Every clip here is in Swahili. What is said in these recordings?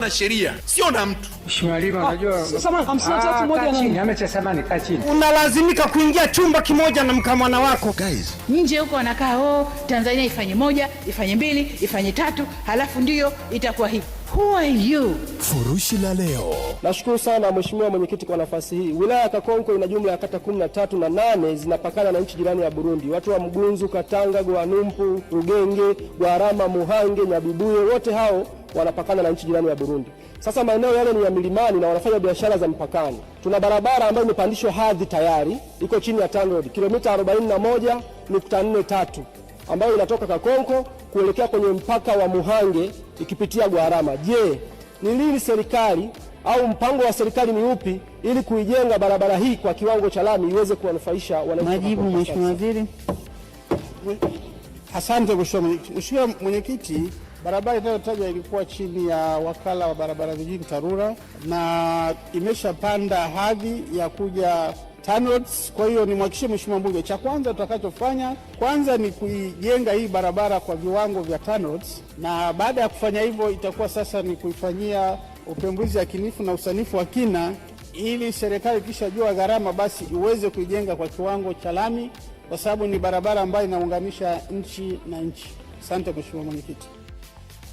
na sheria sio na mtu. Ah, ah, Unalazimika kuingia chumba kimoja na mkamwana wako. Guys, nje huko wanakaa oh, Tanzania ifanye moja, ifanye mbili, ifanye tatu, halafu ndiyo itakuwa hivi. Who are you? Furushi la leo. Nashukuru sana Mheshimiwa Mwenyekiti kwa nafasi hii. Wilaya ya Kakonko ina jumla ya kata kumi na tatu na nane zinapakana na nchi jirani ya Burundi. Watu wa Mgunzu, Katanga, Gwanumpu, Rugenge, Gwarama, Muhange, Nyabibuye wote hao wanapakana na nchi jirani ya Burundi. Sasa maeneo yale ni ya milimani na wanafanya biashara za mpakani. Tuna barabara ambayo imepandishwa hadhi tayari, iko chini ya TANROADS kilomita 41.43 ambayo inatoka Kakonko kuelekea kwenye mpaka wa Muhange ikipitia Gwarama. Je, ni lini serikali au mpango wa serikali ni upi ili kuijenga barabara hii kwa kiwango cha lami iweze kuwanufaisha wananchi? Majibu Mheshimiwa Waziri. Asante Mheshimiwa Mwenyekiti. Barabara inayotaja ilikuwa chini ya wakala wa barabara vijijini TARURA na imeshapanda hadhi ya kuja TANROADS. Kwa hiyo nimhakikishie Mheshimiwa Mbunge, cha kwanza tutakachofanya kwanza ni kuijenga hii barabara kwa viwango vya TANROADS, na baada ya kufanya hivyo itakuwa sasa ni kuifanyia upembuzi yakinifu na usanifu wa kina, ili serikali ikishajua gharama, basi iweze kuijenga kwa kiwango cha lami, kwa sababu ni barabara ambayo inaunganisha nchi na nchi. Asante Mheshimiwa Mwenyekiti.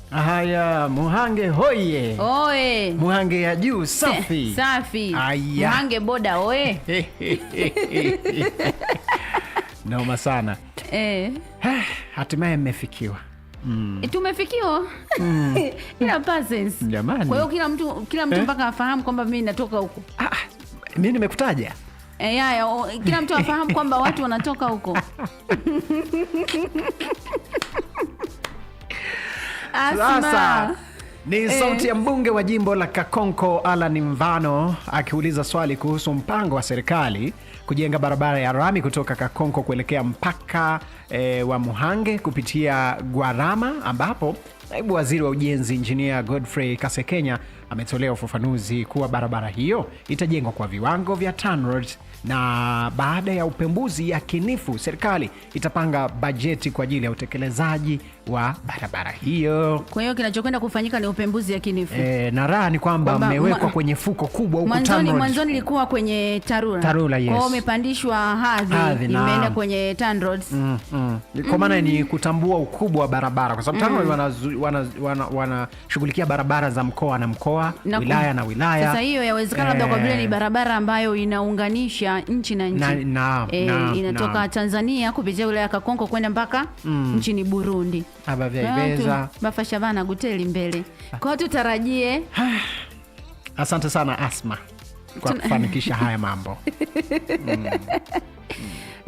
Haya, Muhange hoye! Oe. Muhange ya juu safi safi. Aya. Muhange boda oye! Naoma sana e. Hatimaye mmefikiwa Mm. Eh, tumefikiwa mm. ila jamani. Kwa hiyo kila mtu kila mtu eh? mpaka eh, afahamu kwamba mimi natoka huko. Ah, ah mimi nimekutaja e, kila mtu afahamu kwamba watu wanatoka huko sasa ni e, sauti ya mbunge wa jimbo la Kakonko Alan Mvano akiuliza swali kuhusu mpango wa serikali kujenga barabara ya rami kutoka Kakonko kuelekea mpaka e, wa Muhange kupitia Gwarama ambapo naibu waziri wa ujenzi Injinia Godfrey Kasekenya ametolea ufafanuzi kuwa barabara hiyo itajengwa kwa viwango vya TANROADS na baada ya upembuzi yakinifu, serikali itapanga bajeti kwa ajili ya utekelezaji wa barabara hiyo. Kwa hiyo kinachokwenda kufanyika ni upembuzi yakinifu. E, na raha ni kwamba mmewekwa kwenye fuko kubwa huko. Mwanzoni mwanzoni ilikuwa kwenye TARURA. TARURA, yes. umepandishwa hadhi imeenda kwenye TANROADS. Mm, mm. Kwa maana mm. ni mm-hmm. kutambua ukubwa wa barabara kwa sababu TANROADS mm. wanashughulikia wana, wana, wana barabara za mkoa na mkoa na wilaya na wilaya. Sasa hiyo yawezekana labda e, kwa vile ni eh. barabara ambayo inaunganisha ya nchi na nchi na, na, e, na, inatoka na, Tanzania kupitia wilaya ya Kakonko kwenda mpaka mm, nchini Burundi bafasha ah, bana guteli mbele ah. kwao, tutarajie. Asante sana Asma kwa kufanikisha haya mambo mm.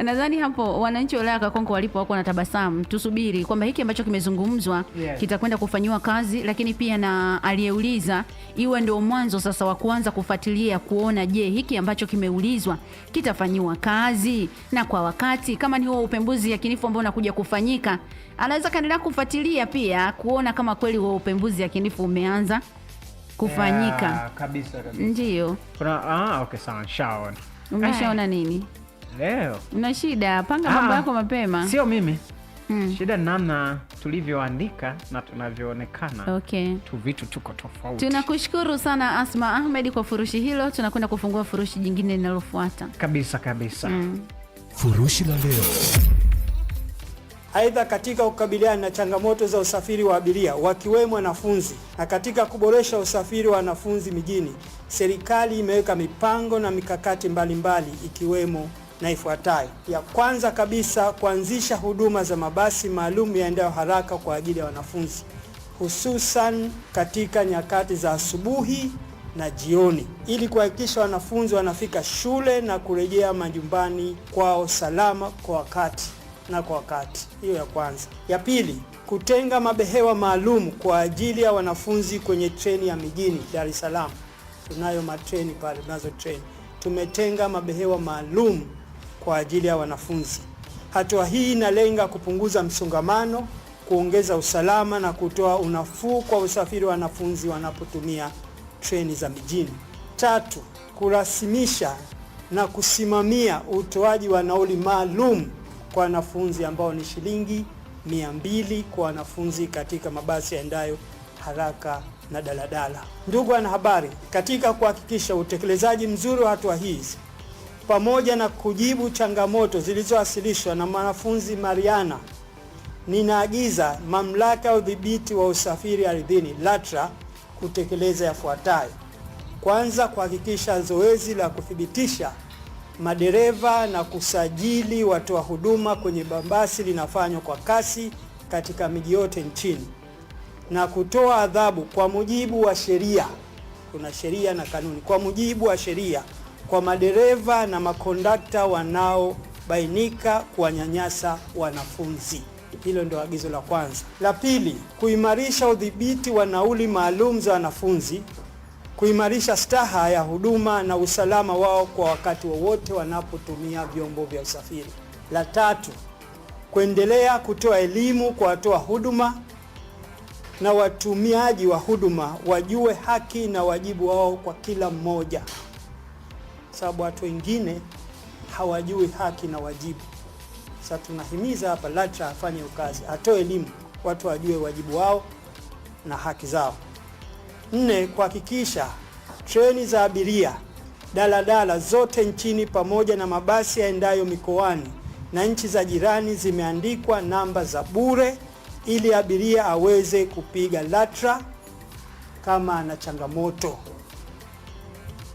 nadhani hapo wananchi wa wilaya Kakonko walipo wako na tabasamu, tusubiri kwamba hiki ambacho kimezungumzwa yes, kitakwenda kufanyiwa kazi, lakini pia na aliyeuliza iwe ndio mwanzo sasa wa kuanza kufuatilia kuona, je, hiki ambacho kimeulizwa kitafanyiwa kazi na kwa wakati. Kama ni huo upembuzi yakinifu ambao unakuja kufanyika, anaweza kaendelea kufuatilia pia kuona kama kweli huo upembuzi yakinifu umeanza kufanyika. Yeah, kabisa kabisa, ndio. Kuna ah, okay, sawa, shaona. Umeshaona nini? leo. Una shida, panga ah, mambo yako mapema. Sio mimi Hmm. Shida namna tulivyoandika na tunavyoonekana. Okay. Tu vitu tuko tofauti. Tunakushukuru sana Asma Ahmed kwa furushi hilo, tunakwenda kufungua furushi jingine linalofuata. Kabisa kabisa. Hmm. Furushi la leo. Aidha, katika kukabiliana na changamoto za usafiri wa abiria wakiwemo wanafunzi na katika kuboresha usafiri wa wanafunzi mijini, serikali imeweka mipango na mikakati mbalimbali mbali, ikiwemo na ifuatayo. Ya kwanza kabisa, kuanzisha huduma za mabasi maalum yaendayo haraka kwa ajili ya wanafunzi hususan katika nyakati za asubuhi na jioni ili kuhakikisha wanafunzi wanafika shule na kurejea majumbani kwao salama kwa wakati na kwa wakati. Hiyo ya kwanza. Ya pili, kutenga mabehewa maalum kwa ajili ya wanafunzi kwenye treni ya mijini. Dar es Salaam tunayo matreni pale, tunazo treni, tumetenga mabehewa maalum kwa ajili ya wanafunzi. Hatua hii inalenga kupunguza msongamano, kuongeza usalama na kutoa unafuu kwa usafiri wa wanafunzi wanapotumia treni za mijini. Tatu, kurasimisha na kusimamia utoaji wa nauli maalum kwa wanafunzi ambao ni shilingi mbili kwa wanafunzi katika mabasi yaendayo haraka na daladala. Ndugu wanahabari, katika kuhakikisha utekelezaji mzuri wa hatua hizi pamoja na kujibu changamoto zilizowasilishwa na mwanafunzi Mariana, ninaagiza Mamlaka ya Udhibiti wa Usafiri Ardhini LATRA kutekeleza yafuatayo. Kwanza, kuhakikisha zoezi la kuthibitisha madereva na kusajili watoa huduma kwenye mabasi linafanywa kwa kasi katika miji yote nchini na kutoa adhabu kwa mujibu wa sheria. Kuna sheria na kanuni, kwa mujibu wa sheria kwa madereva na makondakta wanaobainika kuwanyanyasa wanafunzi. Hilo ndio agizo la kwanza. La pili, kuimarisha udhibiti wa nauli maalum za wanafunzi, kuimarisha staha ya huduma na usalama wao kwa wakati wowote wa wanapotumia vyombo vya usafiri. La tatu, kuendelea kutoa elimu kwa watoa huduma na watumiaji wa huduma wajue haki na wajibu wao kwa kila mmoja sababu watu wengine hawajui haki na wajibu. Sasa tunahimiza hapa LATRA afanye ukazi, kazi, atoe elimu, watu wajue wajibu wao na haki zao. Nne, kuhakikisha treni za abiria, daladala zote nchini pamoja na mabasi yaendayo mikoani na nchi za jirani zimeandikwa namba za bure ili abiria aweze kupiga LATRA kama ana changamoto.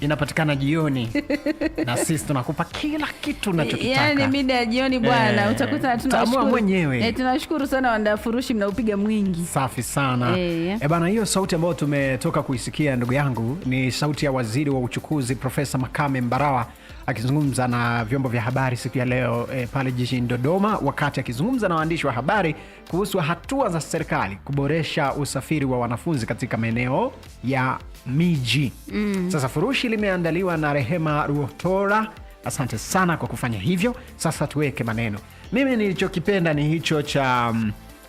inapatikana jioni na sisi tunakupa kila kitu unachokitakayani mida ya jioni bwana, e, utakuta tunaamua mwenyewe. E, eh, tunashukuru sana wandafurushi mnaupiga mwingi. Safi sana e, eh, e bana, hiyo sauti ambayo tumetoka kuisikia ndugu yangu ni sauti ya waziri wa uchukuzi Profesa Makame Mbarawa akizungumza na vyombo vya habari siku ya leo e, pale jijini Dodoma, wakati akizungumza na waandishi wa habari kuhusu hatua za serikali kuboresha usafiri wa wanafunzi katika maeneo ya miji mm. Sasa furushi limeandaliwa na Rehema Ruotora. Asante sana kwa kufanya hivyo. Sasa tuweke maneno. Mimi nilichokipenda ni hicho cha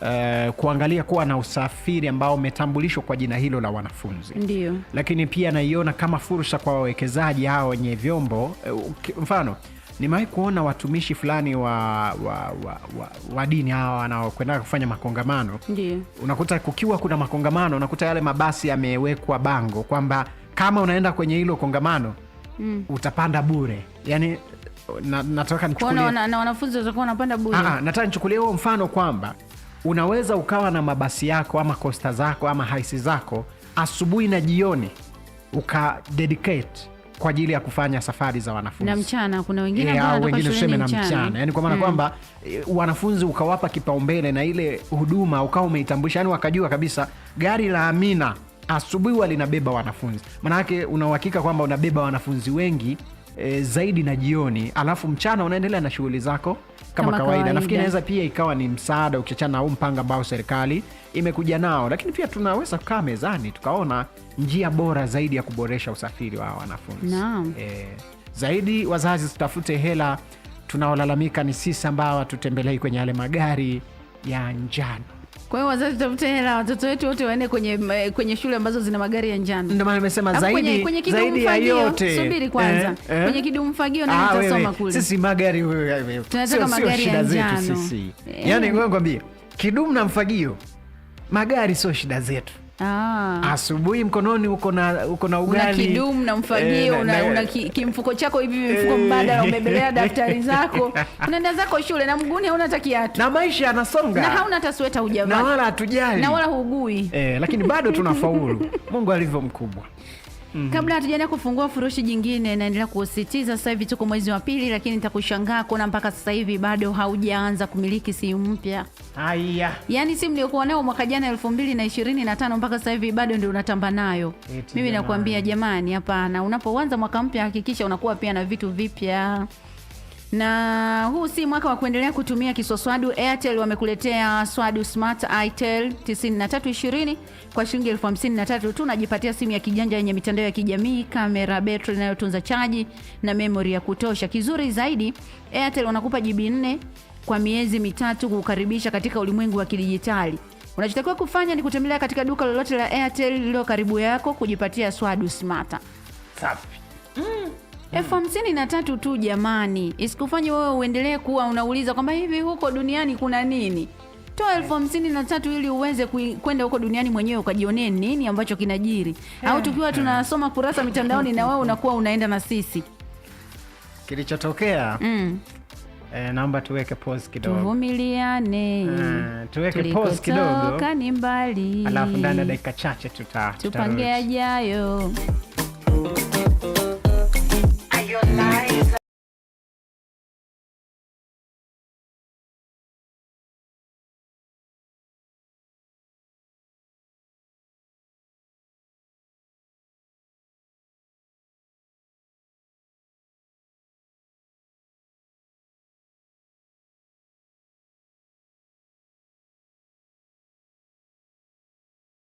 Uh, kuangalia kuwa na usafiri ambao umetambulishwa kwa jina hilo la wanafunzi. Ndiyo. Lakini pia naiona kama fursa kwa wawekezaji hao wenye vyombo. Eh, mfano, nimewahi kuona watumishi fulani wa, wa, wa, wa, wa dini hawa wanaokwenda kufanya makongamano. Ndiyo. Unakuta kukiwa kuna makongamano, unakuta yale mabasi yamewekwa bango kwamba kama unaenda kwenye hilo kongamano mm. utapanda bure yani, na, nataka nichukulie ah, ah, nichukulie huo mfano kwamba unaweza ukawa na mabasi yako ama kosta zako ama haisi zako asubuhi na jioni uka dedicate kwa ajili ya kufanya safari za wanafunzi na mchana, wengine eh, na mchana, yani kwa maana mm. kwamba eh, wanafunzi ukawapa kipaumbele na ile huduma ukawa umeitambulisha, yani wakajua kabisa gari la Amina asubuhi huwa linabeba wanafunzi, maanake unauhakika kwamba unabeba wanafunzi wengi e, zaidi na jioni, alafu mchana unaendelea na shughuli zako kama, kama kawaida. nafkiri inaweza pia ikawa ni msaada ukichachana na huu mpango ambao serikali imekuja nao, lakini pia tunaweza kukaa mezani tukaona njia bora zaidi ya kuboresha usafiri wa wanafunzi no. E, eh, zaidi wazazi tutafute hela, tunaolalamika ni sisi ambao hatutembelei kwenye yale magari ya njano. Kwa hiyo wazazi, tafute hela watoto wetu wote waende kwenye eh, kwenye shule ambazo zina magari ya njano. Ndio maana nimesema zaidi kwenye kwenye zaidi ya yote. Subiri kwanza. Eh, eh. Kwenye kidumu fagio na nitasoma ah, kule. Sisi magari wewe. tunataka sio, magari sio, ya njano. Sisi. Eh. Yaani wewe ngwambie kidumu na mfagio magari sio shida zetu. Ah. Asubuhi mkononi uko na uko na ugali. Una kidumu eh, na mfagio, e, una, una ki, kimfuko chako hivi hivi mfuko eh. mbadala umebelea daftari zako. Unaenda zako shule na mguuni hauna hata kiatu. Na maisha yanasonga. Na hauna hata sweta hujavaa. Na wala hatujali. Na wala hugui. Eh, lakini bado tunafaulu. Mungu alivyo mkubwa. Mm -hmm. Kabla hatujaenda kufungua furushi jingine, naendelea kusisitiza sasa hivi tuko mwezi wa pili, lakini nitakushangaa kuona mpaka sasa hivi bado haujaanza kumiliki simu mpya. Haya, yaani simu niliyokuwa nayo mwaka jana elfu mbili na ishirini na tano mpaka sasa hivi bado ndio unatamba nayo. Mimi nakwambia jamani, hapana. Unapoanza mwaka mpya, hakikisha unakuwa pia na vitu vipya na huu si mwaka wa kuendelea kutumia kiswaswadu. Airtel wamekuletea swadu smart itel 9320 kwa shilingi elfu hamsini na tatu tu, Unajipatia simu ya kijanja yenye mitandao ya kijamii, kamera, betri inayotunza chaji na memori ya kutosha. Kizuri zaidi, Airtel wanakupa GB 4 kwa miezi mitatu kukaribisha katika ulimwengu wa kidijitali. Unachotakiwa kufanya ni kutembelea katika duka lolote la Airtel lililo karibu yako kujipatia swadu smart. Safi. Mm elfu hamsini na tatu tu jamani, isikufanye wewe uendelee kuwa unauliza kwamba hivi huko duniani kuna nini. Toa elfu hamsini na tatu ili uweze kwenda huko duniani mwenyewe ukajionee nini ambacho kinajiri, au eh. tukiwa tunasoma kurasa mitandaoni na wewe unakuwa unaenda na sisi kilichotokea. Mm. Eh, naomba tuweke pause kidogo. Tuvumiliane. Uh, tuweke pause kidogo. Ni mbali. Alafu ndani ya dakika chache tuta tupange ajayo.